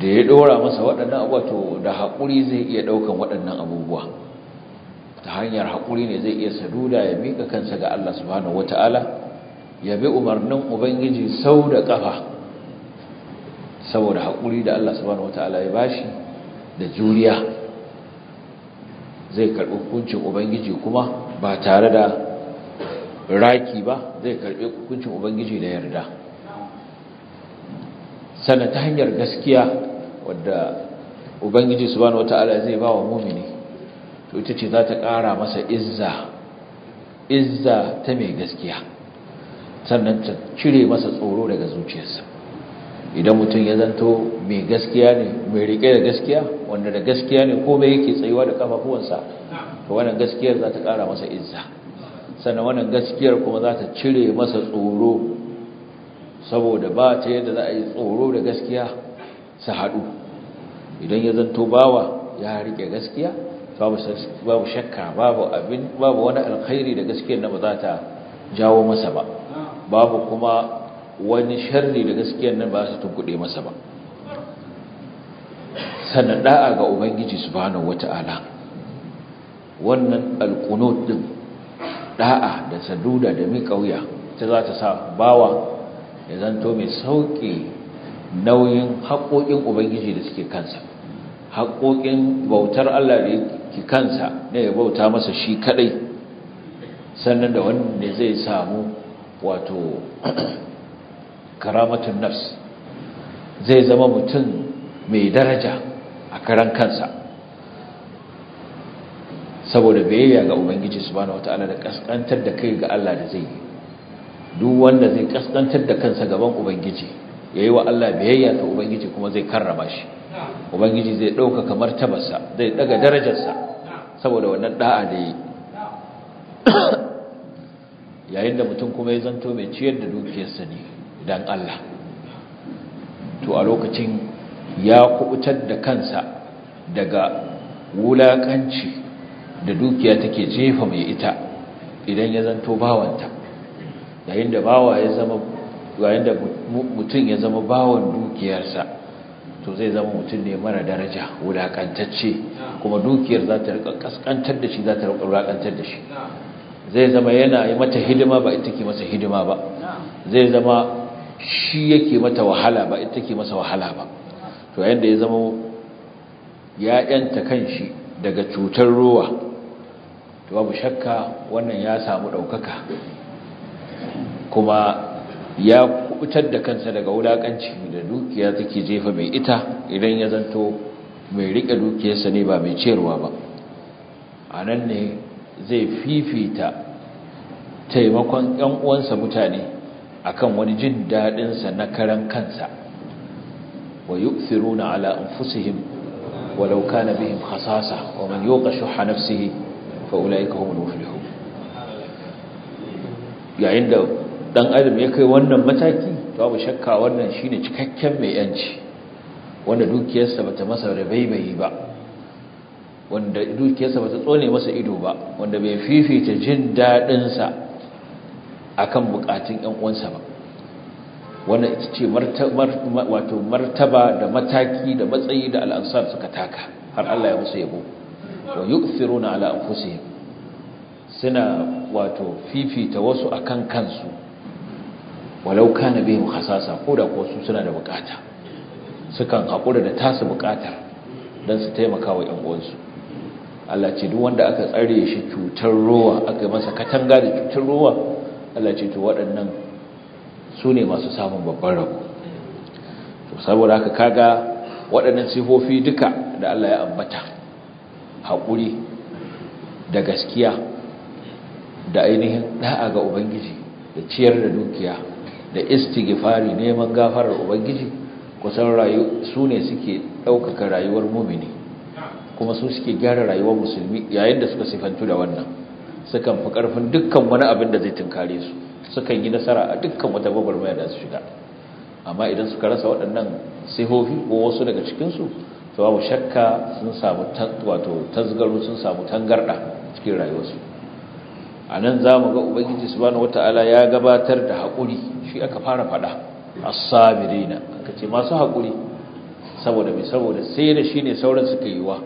da ya ɗora masa waɗannan abubuwa to da haƙuri zai iya ɗaukan waɗannan abubuwa ta hanyar haƙuri ne zai iya saduda ya miƙa kansa ga Allah subhanahu wata'ala ya bi umarnin ubangiji sau da ƙafa saboda haƙuri da Allah subhanahu wata'ala ya bashi da juriya zai karɓi hukuncin ubangiji kuma ba tare da raki ba zai karɓi hukuncin ubangiji da yarda sannan ta hanyar gaskiya wadda ubangiji subhanahu wataala zai ba wa mumini to ita ce za ta ƙara masa izza izza ta mai gaskiya sannan ta cire masa tsoro daga zuciyarsa idan mutum ya zanto mai gaskiya ne mai rike da gaskiya wanda da gaskiya ne ko mai yake tsayuwa da kafafuwansa to wannan gaskiyar za ta ƙara masa izza sannan wannan gaskiyar kuma za ta cire masa tsoro saboda ba ta yadda za a yi tsoro da gaskiya su haɗu idan ya zanto bawa ya rike gaskiya babu shakka babu abin babu wani alkhairi da gaskiyar nan ba za ta jawo masa ba babu kuma wani sharri da gaskiyar nan ba su gude masa ba sannan da'a ga ubangiji subhanahu wata'ala wannan alqunut din da'a da saduda da miƙauya ta za ta sa bawa ya zanto mai sauƙe nauyin haƙoƙin ubangiji da suke kansa haƙoƙin bautar Allah da ke kansa ne ya bauta masa shi kaɗai, sannan da wanda zai samu wato karamatun nafs zai zama mutum mai daraja a karan kansa saboda biyayya ga ubangiji subhanahu wataala da kaskantar da kai ga Allah da zai yi duk wanda zai kaskantar da kansa gaban ubangiji yayi wa Allah biyayya ta ubangiji kuma zai karrama shi ubangiji zai ɗaukaka martabarsa zai ɗaga darajarsa saboda wannan ɗa'a da yi yayin da mutum kuma ya zanto mai ciyar da dukiyarsa ne don Allah to a lokacin ya kubutar da kansa daga wulaƙanci da dukiya take jefa mai ita idan ya zanto bawanta yayin da bawa ya zama yayin da mutum ya zama bawan dukiyarsa to zai zama mutum ne mara daraja wulakantacce kuma dukiyar za ta rika ƙasƙantar da shi za ta rika wulaƙantar da shi zai zama yana yi mata hidima ba ita ke masa hidima ba zai zama shi yake mata wahala ba ita ke masa wahala ba to yadda ya zama ya yanta shi daga cutar ruwa to babu shakka wannan ya samu ɗaukaka kuma ya kubutar da kansa daga wulakanci da dukiya take jefa mai ita idan ya zanto mai rike dukiyarsa ne ba mai ciyarwa ba a nan ne zai fifita taimakon 'yan uwansa mutane akan wani jin daɗinsa na karan kansa wa yu'thiruna ala anfusihim walau kana bihim khasasa wa man yuqa shuhha nafsihi fa ulaika humul muflihun yayin da dan adam ya kai wannan mataki babu shakka wannan shine cikakken mai yanci wanda dukiyarsa bata masa rabaibayi ba wanda dukiyarsa bata tsone masa ido ba wanda bai fifita jin dadin sa akan bukatun ƴan uwansa ba wannan ita ce martaba wato martaba da mataki da matsayi da al'ansar suka taka har Allah ya musu yabo wa yukthiruna ala anfusihim suna wato fifita wasu akan kansu walau kana bihim hasasa, ko da ko su suna da bukata sukan haƙura da tasu bukatar don su taimaka wa ‘yan uwansu Allah ce duk wanda aka tsare shi cutar ruwa aka masa katanga da cutar ruwa Allah ce to waɗannan su ne masu samun babban rabo to saboda haka kaga waɗannan sifofi duka da Allah ya ambata haƙuri da gaskiya da ainihin da'a ga ubangiji da ciyar da dukiya da istighfari neman gafarar ubangiji kusan rayu su ne suke ɗaukaka rayuwar mumini kuma su suke gyara rayuwar musulmi yayin da suka sifantu da wannan sukan fi karfin dukkan wani abin da zai tunkare su sukan yi nasara a dukkan wata gwagwarmaya da su shiga amma idan suka rasa waɗannan sihofi ko wasu daga cikinsu to babu shakka sun samu wato tasgaro sun samu tangarɗa cikin rayuwarsu a nan za mu ga ubangiji subhanahu wata'ala ya gabatar da haƙuri shi aka fara faɗa as-sabirina aka ce masu haƙuri saboda mai saboda sai da shine sauran suka yiwa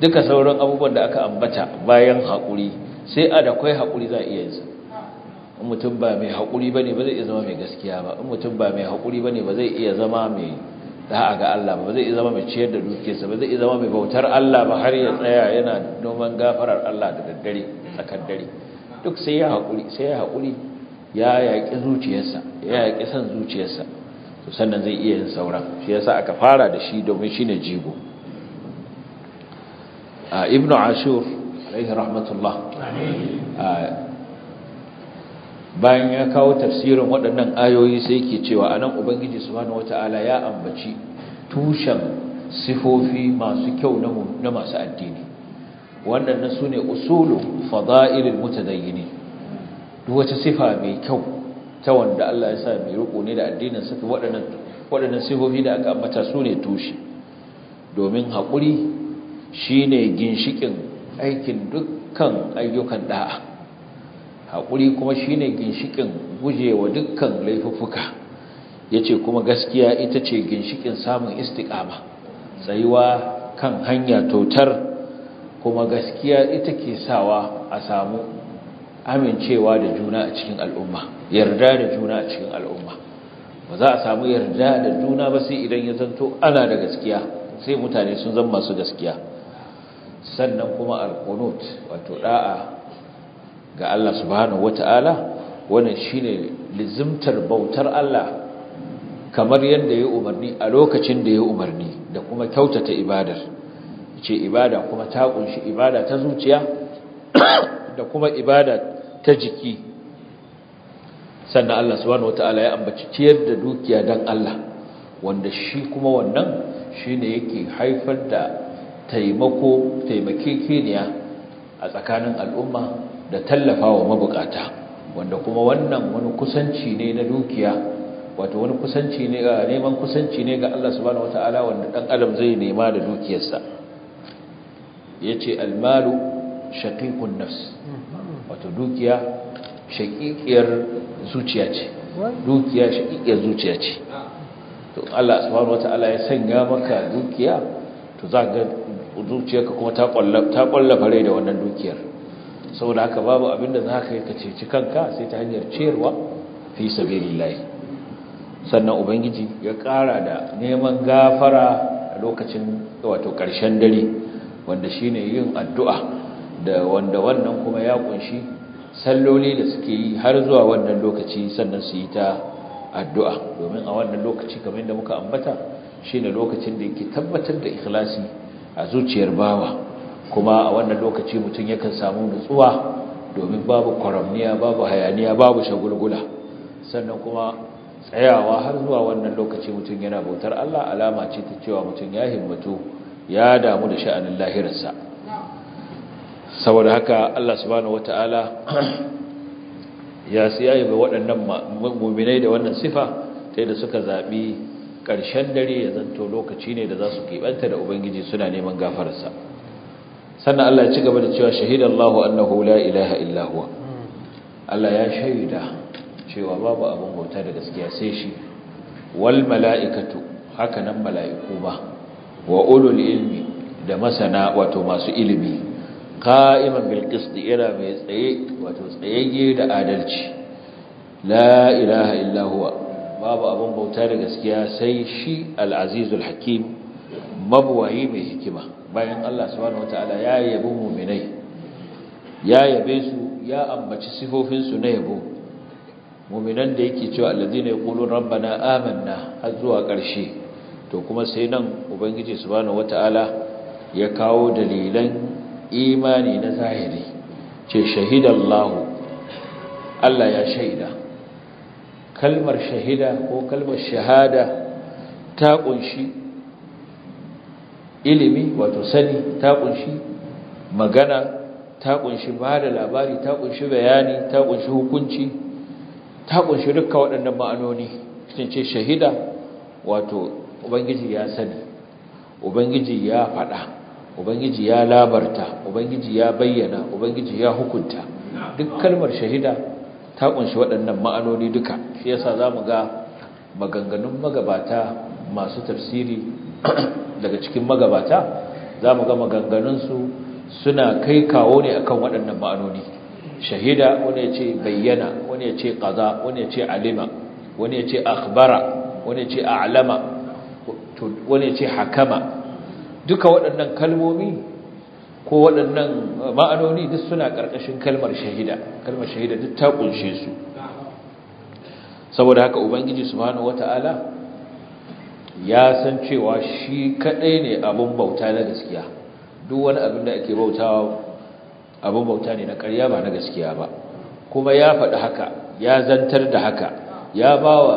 duka sauran abubuwan da aka ambata bayan haƙuri sai a da kai haƙuri za a iya yi in mutum ba mai haƙuri bane ba zai iya zama mai gaskiya ba in mutum ba mai haƙuri bane ba zai iya zama mai a ga Allah ba zai iya zama mai ciyar da dukiyarsa ba zai iya zama mai bautar Allah ba har ya tsaya yana noman gafarar Allah da daddare tsakan dare duk sai ya haƙuri sai ya haƙuri ya yaƙi zuciyarsa ya yaƙi san zuciyarsa to sannan zai iya yin sauran shi yasa aka fara da shi domin shine jigo a ibnu ashur alaihi rahmatullah bayan ya kawo tafsirin waɗannan ayoyi sai ke cewa anan ubangiji subhanahu wataala ya ambaci tushen sifofi masu kyau na masu addini wannan su ne usulu fada'ilul mutadayyini duk wata sifa mai kyau ta wanda Allah ya sa mai riko ne da addinin sa waɗannan sifofi da aka ambata su ne tushe domin haƙuri shine ginshikin aikin dukkan ayyukan ɗa'a, haƙuri kuma shine ginshikin gujewa dukkan laifuffuka yace kuma gaskiya ita ce ginshikin samun istiqama tsayuwa kan hanya totar kuma gaskiya ita ke sawa a samu amincewa da juna a cikin al'umma yarda da juna a cikin al'umma ba za a samu yarda da juna ba sai idan ya zanto ana da gaskiya sai mutane sun zama masu gaskiya sannan kuma al-qunut wato da'a ga Allah subhanahu wata'ala wannan shine lizimtar bautar Allah kamar yadda ya umarni a lokacin da ya umarni da kuma kyautata ibadar ce ibada kuma ta kunshi ibada ta zuciya da kuma ibada ta jiki sannan Allah subhanahu wataala ya ambaci ciyar da dukiya dan Allah wanda shi kuma wannan shine yake haifar da taimako taimakekeniya a tsakanin al'umma da tallafawa mabukata wanda kuma wannan wani kusanci ne na dukiya wato wani kusanci ne ga neman kusanci ne ga Allah subhanahu wataala wanda dan adam zai nema da dukiyarsa yace almalu shaqiqun nafs wato dukiya shaqiqiyar zuciya ce dukiya shaqiqiyar zuciya ce to Allah subhanahu wataala ya sanya maka dukiya to za ga zuciyarka kuma ta kwallafa ta kwallafa rai da wannan dukiyar saboda haka babu abin za ka yi ka ceci kanka sai ta hanyar ciyarwa fi sabilillahi sannan ubangiji ya ƙara da neman gafara a lokacin wato ƙarshen dare wanda shine yin addu'a da wanda wannan kuma ya kunshi salloli da suke yi har zuwa wannan lokaci sannan su yi ta addu'a domin a wannan lokaci kamar yadda muka ambata shine lokacin da yake tabbatar da ikhlasi a zuciyar bawa kuma a wannan lokaci mutum yakan samu nutsuwa domin babu kwaramniya babu hayaniya babu shagulgula sannan kuma tsayawa har zuwa wannan lokaci mutum yana bautar Allah alama ce ta cewa mutum ya himmatu ya damu da sha'anin lahirarsa saboda haka Allah subhanahu wataala ya siya yi ga waɗannan mu'minai da wannan sifa ta da suka zaɓi ƙarshen dare ya zanto lokaci ne da za su keɓanta da ubangiji suna neman gafararsa sannan Allah ya ci gaba da cewa shahidallahu annahu la ilaha illahuwa. Allah ya shaida cewa babu abin bauta da gaskiya sai shi wal mala'ikatu haka nan mala'iku ba wa ulul ilmi da masana wato masu ilimi qa'iman bil qist yana mai tsaye wato tsayayye da adalci la ilaha illa huwa babu abun bauta da gaskiya sai shi al-azizul hakim mabwayi mai hikima bayan Allah subhanahu wataala ya yabi mu'minai ya yabe su ya ambaci sifofin su na yabo mu'minan da yake cewa alladhina yaqulun rabbana amanna har zuwa ƙarshe to kuma sai nan ubangiji subhanahu wata'ala ya kawo dalilan imani na zahiri ce shahidallahu Allah ya shaida kalmar shahida ko kalmar shahada ta kunshi ilimi wato sani ta kunshi magana ta kunshi ba labari ta kunshi bayani ta kunshi hukunci ta kunshi dukkan waɗannan ma'anoni cikin ce shahida wato ubangiji ya sani ubangiji ya faɗa ubangiji ya labarta ubangiji ya bayyana ubangiji ya hukunta duk kalmar shahida ta kunshi waɗannan ma'anoni duka shi yasa mu ga maganganun magabata masu tafsiri daga cikin magabata Za mu ga maganganunsu suna kai kawo ne akan waɗannan ma'anoni shahida wani ya ce bayyana wani ya ce kaza wani ya ce alima wani ya ce akbara wani ya ce a'lama to wani ce hakama duka waɗannan kalmomi ko waɗannan eh, ma'anoni duk suna ƙarƙashin kalmar shahida kalmar shahida duk ta ƙunshe su saboda haka ubangiji subhanahu wata'ala ya san cewa shi kaɗai ne abun bauta na gaskiya duk wani abin da ake bautawa abun bauta ne na ƙarya ba na gaskiya ba kuma ya faɗi haka ya zantar da haka ya ba wa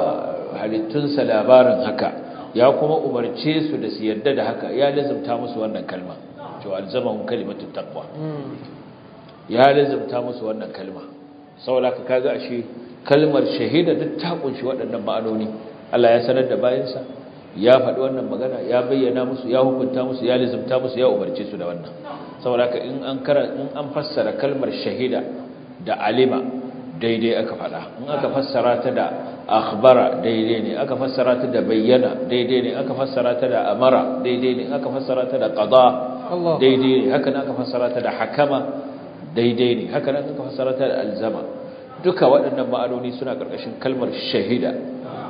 halittunsa labarin haka ya kuma umarce su da su yarda da haka ya lazimta musu wannan kalma to alzamahum kalimatut taqwa ya lazimta musu wannan kalma saboda ka kaga ashe kalmar shahida duk ta kunshi waɗannan ma'anoni Allah ya sanar da bayansa ya faɗi wannan magana ya bayyana musu ya hukunta musu ya lazimta musu ya umarce su da wannan saboda ka in an in an fassara kalmar shahida da alima daidai aka faɗa in aka fassara ta da akhbara daidai ne aka fassara ta da bayyana daidai ne aka fassara ta da amara daidai ne aka fassara ta da qada daidai ne haka aka fassara ta da hakama daidai ne haka aka fassara ta da alzama duka waɗannan ma'anoni suna ƙarƙashin kalmar shahida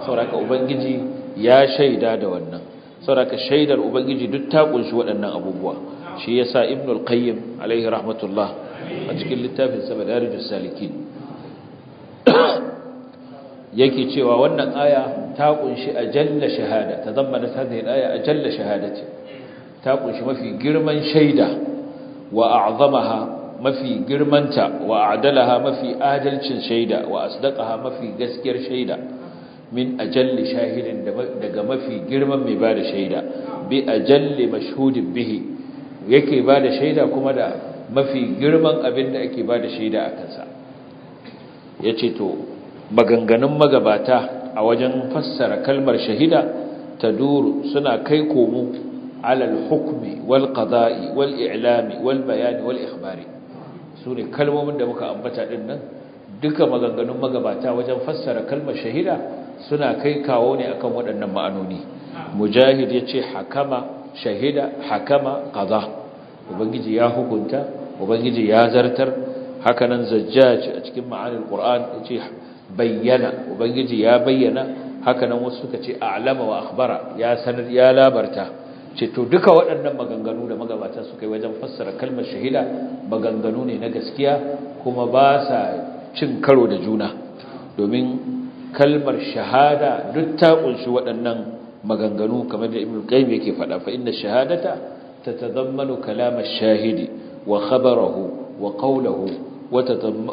sauraka ubangiji ya shaida da wannan sauraka shaidar ubangiji duk ta kunshi waɗannan abubuwa shi yasa ibnul qayyim alaihi rahmatullah a cikin littafin sa madarijus salikin yake cewa wannan aya ta kunshi ajalla shahada ta zammanat hadhihi aya ajalla ta kunshi mafi girman shaida wa a'zamaha mafi girmanta wa adalaha mafi adalcin shaida wa asdaqaha mafi gaskiyar shaida min ajalli shahidin daga mafi girman mai bada shaida bi ajalli mashhudin bihi yake bada shaida kuma da mafi girman abin da ake bada shaida a kansa ya ce to maganganun magabata a wajen fassara kalmar shahida ta duru suna kai komo alal hukmi wal qada'i wal i'lami wal bayani wal ikhbari su ne kalmomin da muka ambata ɗin nan duka maganganun magabata wajen fassara kalmar shahida suna kai kawo ne akan waɗannan ma'anoni mujahid ya ce hakama shahida hakama qada ubangiji ya hukunta ubangiji ya zartar hakanan zajjaj a cikin ma'anar qur'an yace bayyana ubangiji ya bayyana hakanan wasu suka ce a'lama wa akhbara ya sanar ya labarta ce to duka waɗannan maganganu da magabata suka yi wajen fassara kalmar shahida maganganu ne na gaskiya kuma ba sa cin karo da juna domin kalmar shahada duk ta kunshi waɗannan maganganu kamar da ibnu qayyim yake faɗa fa inna shahadata tatadammanu kalama shahidi wa khabarahu وقوله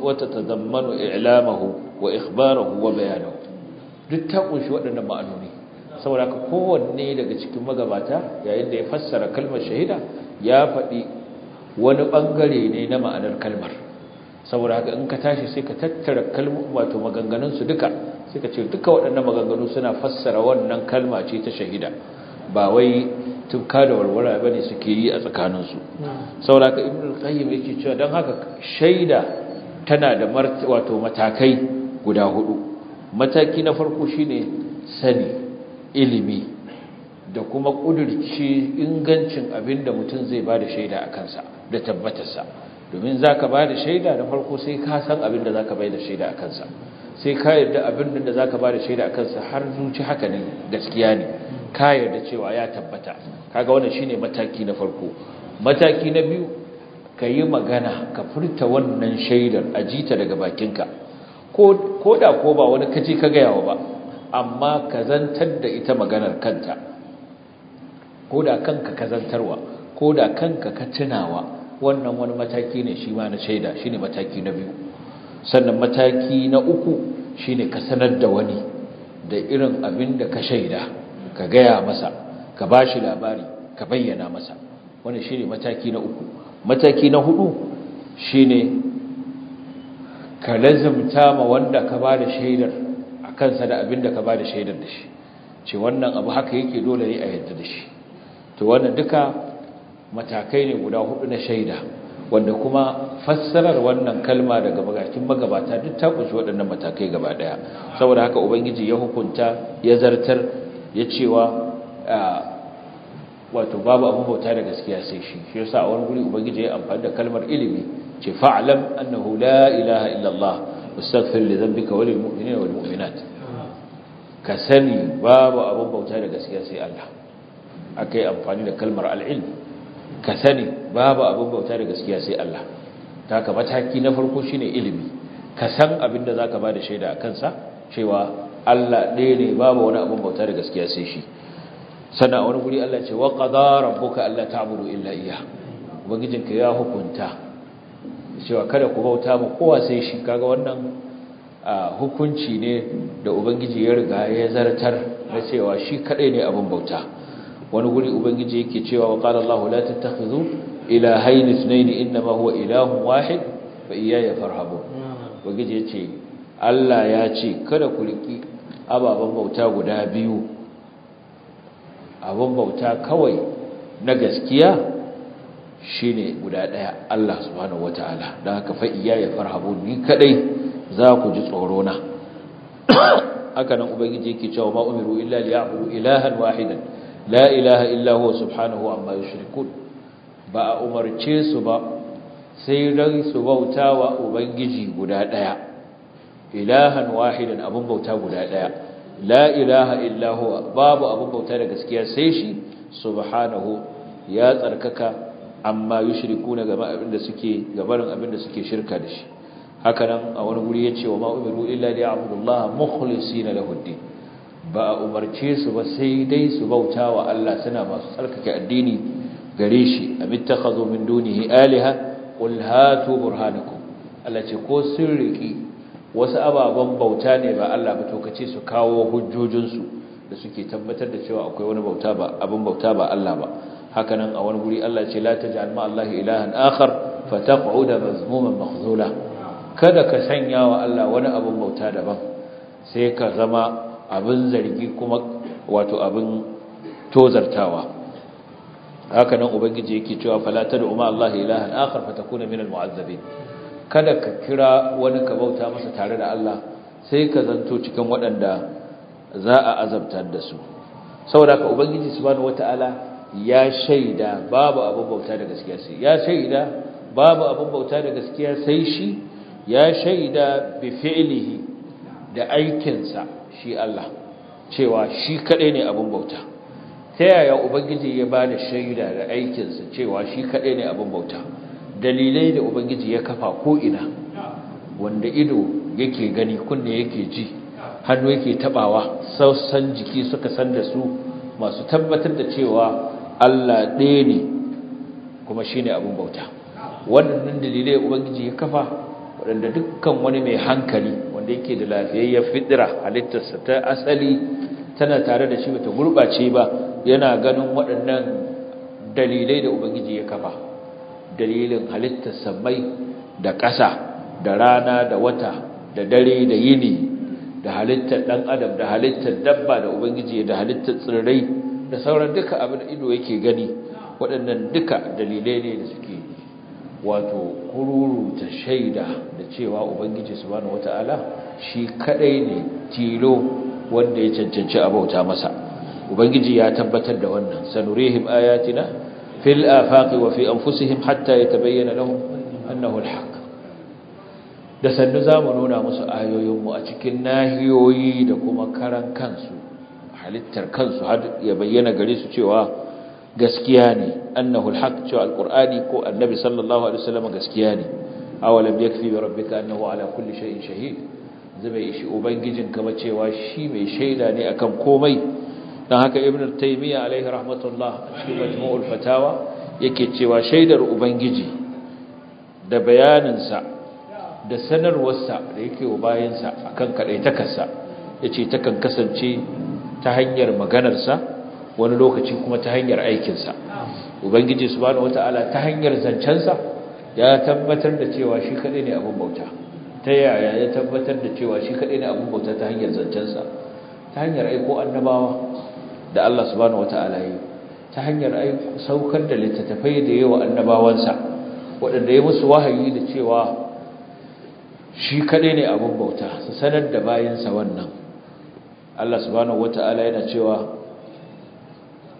وتتضمن إعلامه وإخباره وبيانه duk ta kunshi waɗannan ma'anoni saboda ka kowanne daga cikin magabata yayin da ya fassara kalmar shahida ya faɗi wani ɓangare ne na ma'anar kalmar saboda ka in ka tashi sai ka tattara kalmar wato maganganunsu duka sai ka ce duka waɗannan maganganu suna fassara wannan kalma ce ta shahida ba wai tufka da walwala bane suke yi a tsakaninsu saboda ka ibnu qayyim yake cewa Don haka shaida tana da wato matakai guda hudu mataki na farko shine sani ilimi da kuma kudurci ingancin abinda mutum zai ba da shaida a kansa da tabbatarsa domin za ka ba da shaida na farko sai ka san abin da za ka bai da shaida a kansa sai ka yarda abin da za ka ba da shaida a kansa har zuci haka ne gaskiya ne ka yarda cewa ya tabbata kaga wannan shine mataki na farko mataki na biyu ka yi magana ka furta wannan shaidar a jita daga bakinka ko da ko ba wani kaje ka gaya wa ba amma ka zantar da ita maganar kanta ko da kanka ka zantarwa ko da kanka ka tunawa wannan wani mataki ne shi ma na shaida shine mataki na biyu sannan mataki na uku shine ka sanar da wani da irin abin da ka shaida ka gaya masa ka ba shi labari ka bayyana masa wannan shine mataki na uku mataki na hudu shine ka lazumta ma wanda ka ba da shaidar a kansa da abin da ka ba da shaidar da shi ce wannan abu haka yake dole ne a yadda da shi to wannan duka matakai ne guda hudu na shaida wanda kuma fassarar wannan kalma daga bakin magabata duk ta kunshi waɗannan matakai gaba ɗaya saboda haka ubangiji ya hukunta ya zartar ya cewa wato babu abin bauta da gaskiya sai shi shi yasa a wani guri ubangiji ya amfani da kalmar ilimi ce fa'lam annahu la ilaha illa Allah wastaghfir li dhanbika wa lil mu'minina wal mu'minat ka sani babu abin bauta da gaskiya sai Allah akai amfani da kalmar al-ilm ka sani babu abin bauta da gaskiya sai Allah taka mataki na farko shine ilimi ka san abin da zaka bada shaida a kansa cewa Allah ɗaya ne babu wani abin bauta da gaskiya sai shi sannan wani guri Allah ce wa qada rabbuka alla ta'budu illa iyyah ubangijinka ya hukunta cewa kada ku bauta ma kowa sai shi kaga wannan hukunci ne da ubangiji ya riga ya zartar na cewa shi kaɗai ne abin bauta wani guri ubangiji yake cewa wa qala Allahu la tattakhidhu ilahayn ithnayn huwa ilahun wahid fa iyaya farhabu ubangiji yace Allah ya ce kada ku riki ababen bauta guda biyu abin bauta kawai na gaskiya shine guda ɗaya Allah subhanahu Ta'ala da haka fa ya farhabu ni kaɗai, za ku ji tsoro na haka nan ubangiji yake cewa ma umiru illa liya'budu ilahan wahidan la ilaha illa subhanahu amma shirkun ba a umarce su ba sai dan su bautawa ubangiji guda ɗaya ilahan wahidan abun bauta guda daya la ilaha illa huwa babu abun bauta da gaskiya sai shi subhanahu ya tsarkaka amma yushrikuna gaba abinda suke gabarin abinda suke shirka da shi hakanan a wani guri yace wa ma umiru illa abdullah mukhlisina lahu ddin ba a umarce su ba sai dai su bautawa. Allah suna masu tsarkake addini gare shi amittakhadhu min dunihi alaha qul hatu burhanakum Allah ce ko sun riki wasu ababen bauta ne ba Allah ba to kace su kawo hujjojinsu da suke tabbatar da cewa akwai wani bauta ba abin bauta ba Allah ba hakanan a wani guri Allah ce la taj'al ma ilahan akhar fataq'uda mazmuman makhzula kada ka sanya wa Allah wani abin bauta daban sai ka zama abin zargi kuma wato abin tozartawa hakanan ubangiji yake cewa fala tad'u ma Allah ilahan akhar fatakuna minal mu'azzabin kada ka kira wani ka bauta masa tare da Allah sai ka zanto cikin waɗanda za a azabtar da su saboda ka ubangiji subhanahu wataala ya shaida babu abin bauta da gaskiya sai ya shaida babu abin bauta da gaskiya sai shi ya shaida bi fi'lihi da aikinsa shi Allah cewa shi kadai ne abin bauta ta yaya ubangiji ya bada shaida da aikinsa cewa shi kadai ne abin bauta dalilai da ubangiji ya kafa ko ina wanda ido yake gani kunne yake ji hannu yake tabawa sassan jiki suka san da su masu tabbatar da cewa Allah ɗaya ne kuma shi ne abin bauta wannan dalilai ubangiji ya kafa waɗanda dukkan wani mai hankali wanda yake da lafiyayyar fitira halittarsa ta asali tana tare da shi bata gurɓace ba yana ganin waɗannan dalilai da ubangiji ya kafa dalilin halittar samai da ƙasa da rana da wata da dare da yini da halittar ɗan adam da halittar dabba da ubangiji da halittar tsirrai da sauran duka abin ido yake gani waɗannan duka dalilai ne da suke wato kururuta shaida da cewa ubangiji su subhanahu wata'ala shi kaɗai ne tilo wanda ya cancanci abauta masa ubangiji ya tabbatar da wannan sanurihim ayatina fil afaqi wa fi anfusihim hatta yatabayyana lahum annahu da sannu zamu nuna musu ayoyin mu a cikin nahiyoyi da kuma karan kansu halittar kansu ya bayyana gare su cewa gaskiya ne annahu alhaq cewa alqur'ani ko annabi sallallahu alaihi wasallam gaskiya ne awalam yakfi bi rabbika annahu ala kulli shay'in shahid zai bai shi ubangijinka cewa shi mai shaida ne akan komai don haka ibn taimiyya alaihi rahmatullah a cikin majmu'ul fatawa yake cewa shaidar ubangiji da bayaninsa da sanarwarsa da yake wa bayansa a kan kaɗaitakarsa ya ce ta kan kasance ta hanyar maganarsa wani lokaci kuma ta hanyar aikinsa ubangiji su subhanahu wata'ala ta hanyar zancensa ya tabbatar da cewa shi kaɗai ne abin bauta ta yaya ya tabbatar da cewa shi kaɗai ne abin bauta ta hanyar zancensa ta hanyar aiko annabawa da Allah subhanahu wata'ala yi ta hanyar ai saukar da littattafai da yawa annabawansa waɗanda ya musu wahayi da cewa shi kaɗai ne abin bauta su sanar da bayansa wannan Allah subhanahu wata'ala yana cewa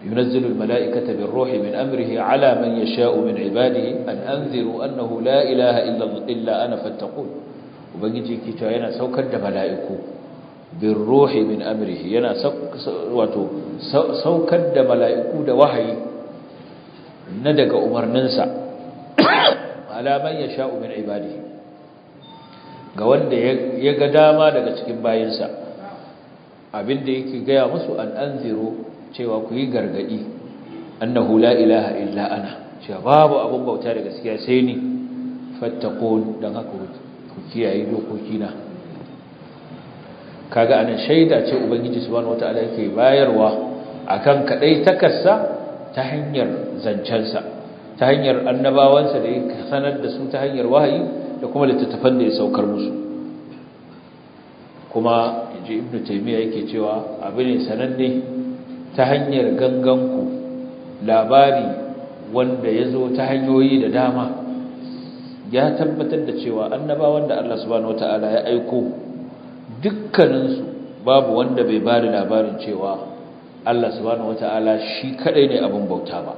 ينزل الملائكة بالروح من أمره على من يشاء من عباده أن أنذروا أنه لا إله إلا, أنا فاتقون وبنجي ملائكو bin ruhi min yana wato saukar da mala'iku da wahayi na daga umarninsa alaman ya sha'u min ibadi ga wanda ya ga dama daga cikin bayansa abinda yake gaya musu an cewa ku yi gargadi annahu la ilaha illa ana cewa babu abin bauta da gaskiya sai ni fattakon don haka ku kiyaye dokokina kaga anan shaida ce ubangiji subhanahu wataala yake bayarwa akan kadai takarsa ta hanyar zancensa ta hanyar annabawansa da yake sanar da su ta hanyar wahayi da kuma littattafan da ya saukar musu kuma inji ibnu taymiya yake cewa abu ne sananne ta hanyar ganganku labari wanda ya zo ta hanyoyi da dama ya tabbatar da cewa annabawan da Allah subhanahu wataala ya aiko dukkaninsu babu wanda bai ba da labarin cewa Allah subhanahu wata'ala shi kadai ne abin bauta ba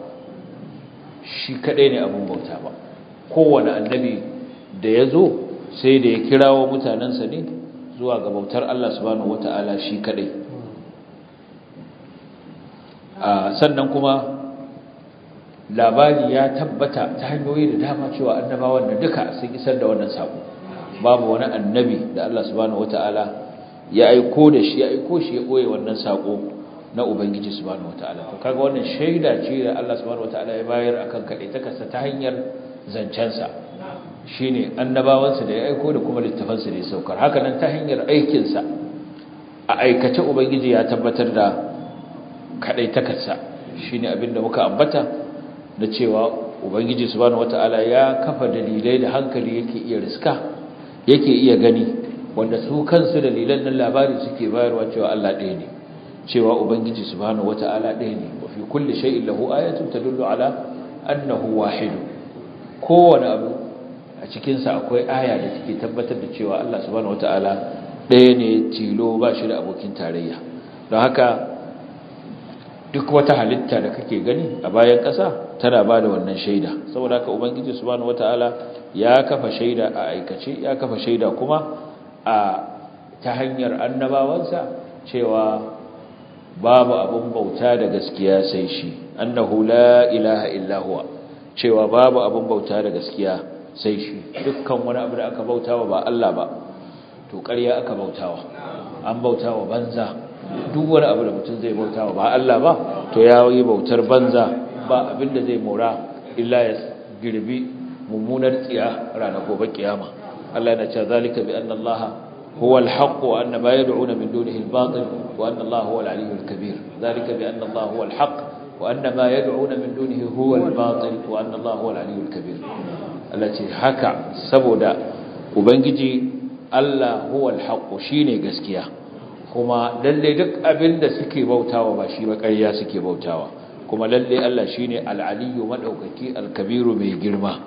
shi kadai ne abin bauta ba kowane annabi da ya zo sai da ya kirawo mutanensa ne zuwa ga bautar Allah subhanahu wata'ala shi kadai sannan kuma labari ya tabbata ta hanyoyi da dama cewa annabawan da duka sun isar da wannan saƙo babu wani annabi da Allah subhanahu wataala ya aiko da shi ya aiko shi ya koye wannan sako na ubangiji subhanahu wataala to kaga wannan shaida ce da Allah subhanahu wataala ya bayar akan kade ta kasa ta hanyar zancensa shine annabawansa da ya aiko da kuma littafansa da ya saukar haka nan ta hanyar aikinsa a aikace ubangiji ya tabbatar da kasa shine da muka ambata da cewa ubangiji subhanahu wataala ya kafa dalilai da hankali yake iya riska yake iya gani wanda su kansu dalilan nan labari suke bayarwa cewa Allah ɗaya ne cewa ubangiji subhanahu wata'ala ɗaya ne wa fi kulli shay'in lahu ayatun tadullu ala annahu wahid kowane abu a cikin sa akwai aya da take tabbatar da cewa Allah subhanahu wata'ala ɗaya ne tilo ba shi da abokin tarayya don haka duk wata halitta da kake gani a bayan ƙasa tana ba da wannan shaida saboda haka ubangiji subhanahu wataala ya kafa shaida a aikace ya kafa shaida kuma a ta hanyar annabawansa cewa babu abun bauta da gaskiya sai shi annahu la ilaha illa huwa cewa babu abun bauta da gaskiya sai shi dukkan wani abu da aka bautawa ba Allah ba to ƙarya aka bautawa an bautawa banza duk wani abu da mutum zai bauta ba Allah ba to ya yi bautar banza ba abinda zai mora illa ya girbi mummunar tsiya ranar gobe kiyama Allah yana cewa zalika bi anna Allah huwa al-haqq wa anna ma yad'una min dunihi al-batil wa anna Allah huwa al-'aliyyu al-kabir zalika bi anna Allah huwa al-haqq wa anna ma yad'una min dunihi huwa al-batil wa anna Allah huwa al-'aliyyu al-kabir Allah ce haka saboda ubangiji Allah huwa al-haqq shine gaskiya kuma lalle duk abin da suke bautawa ba shi ba ƙarya suke bautawa kuma lalle Allah shine al-aliyyu madaukaki al-kabiru mai girma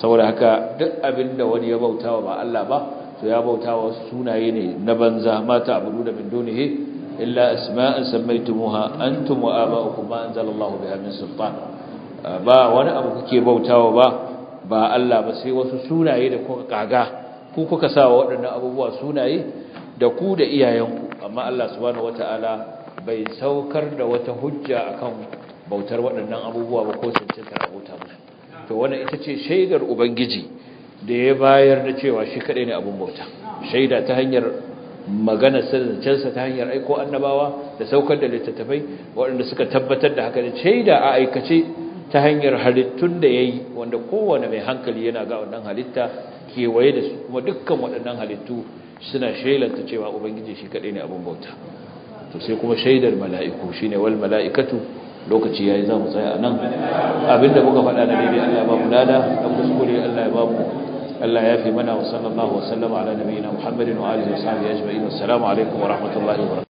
saboda haka duk abinda wani ya bautawa ba Allah ba to ya bautawa sunaye ne na banza mata abudu da min he illa asma'an sammaytumuha antum wa aba'ukum ma anzalallahu biha min sultan ba wani abu kuke bautawa ba ba Allah ba sai wasu sunaye da kuka kaga ku kuka sa waɗannan abubuwa sunaye da ku da iyayenku amma Allah subhanahu wataala bai saukar da wata hujja akan bautar waɗannan abubuwa ba ko cancanta a ba. ba to wannan ita ce shaidar ubangiji da ya bayar da cewa shi kaɗai ne abin bauta shaida ta hanyar magana sanarcensa ta hanyar aiko annabawa da saukar da littattafai waɗanda suka tabbatar da haka da shaida a aikace ta hanyar halittun da ya yi wanda kowane mai hankali yana ga wannan halitta kewaye da su kuma dukkan waɗannan halittu suna shailanta cewa ubangiji shi kadai ne abin bauta to sai kuma shaidar mala'iku shine wal mala'ikatu lokaci yayi zamu tsaya anan abinda muka faɗa na daidai Allah ba mu lada da kuskure Allah ya ba mu Allah ya fi mana wa sallallahu wa sallama ala nabiyina Muhammadin wa alihi wa sahbihi ajma'in assalamu alaikum wa rahmatullahi wa barakatuh